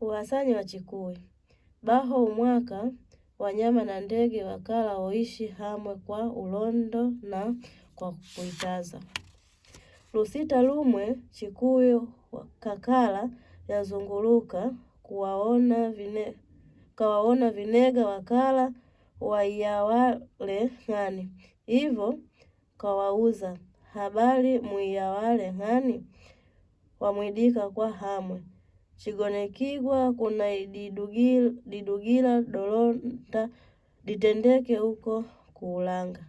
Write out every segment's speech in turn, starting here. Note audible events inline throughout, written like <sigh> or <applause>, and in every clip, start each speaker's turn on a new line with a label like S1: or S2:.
S1: wa Wachikuwi baho umwaka wanyama na ndege wakala oishi hamwe kwa ulondo na kwa kuitaza lusita lumwe chikuyo kakala yazunguluka kawaona vinega wakala waiyawale ng'ani ivo kawauza habari muiyawale ng'ani wamwidika kwa hamwe Chigonekigwa kuna didugila dolonta ditendeke huko kuulanga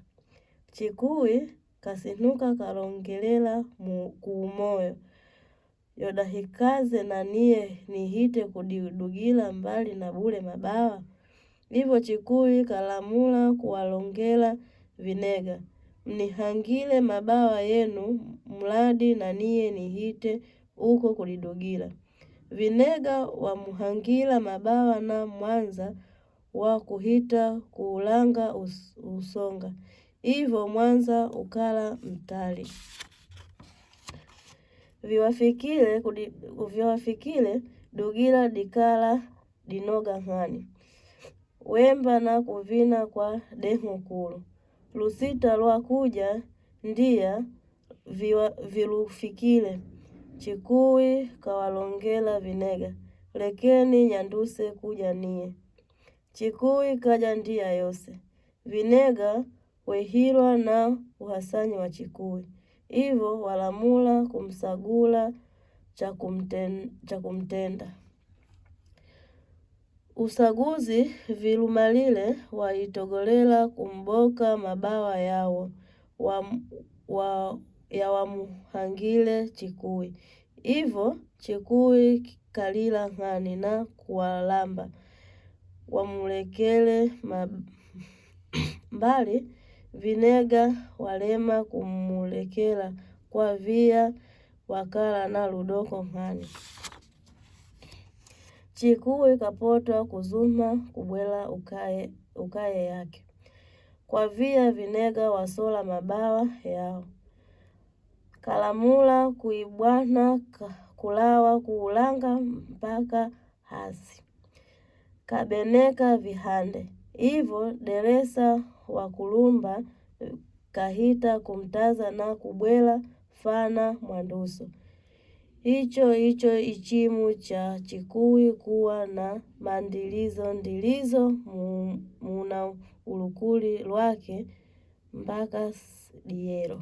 S1: chikuwi kasinuka kalongelela kuumoyo yodahikaze na niye nihite kudidugila mbali na bule mabawa ivo chikuwi kalamula kuwalongela vinega mnihangile mabawa yenu mladi na niye nihite uko kudidugila vinega wa Muhangila Mabawa na Mwanza wa kuhita kuulanga Usonga, hivyo Mwanza ukala mtali viwafikile viwafikile Dugila dikala dinoga hani wemba na kuvina kwa deng'o kulu lusita kuja ndia vilufikile Chikuwi kawalongela vinega, lekeni nyanduse kuja niye. Chikuwi kaja ndiya yose, vinega wehirwa na uhasanyi wa Chikuwi, ivo walamula kumsagula cha kumtenda. Usaguzi vilumalile waitogolela kumboka mabawa wa, wa ya wamuhangile chikuyi, ivo chikuyi kalila ng'ani na kuwalamba wamulekele <clears throat> mbali vinega walema kumulekela kwa via wakala na ludoko ng'ani. chikuwi kapotwa kuzuma kubwela ukaye yake, kwa via vinega wasola mabawa yao kalamula, kuibwana, kulawa, kuulanga mpaka hasi, kabeneka vihande. Hivyo deresa wa kulumba kahita kumtaza na kubwela fana mwanduso. Hicho hicho ichimu cha chikui kuwa na mandilizo ndilizo muna ulukuli lwake mpaka diero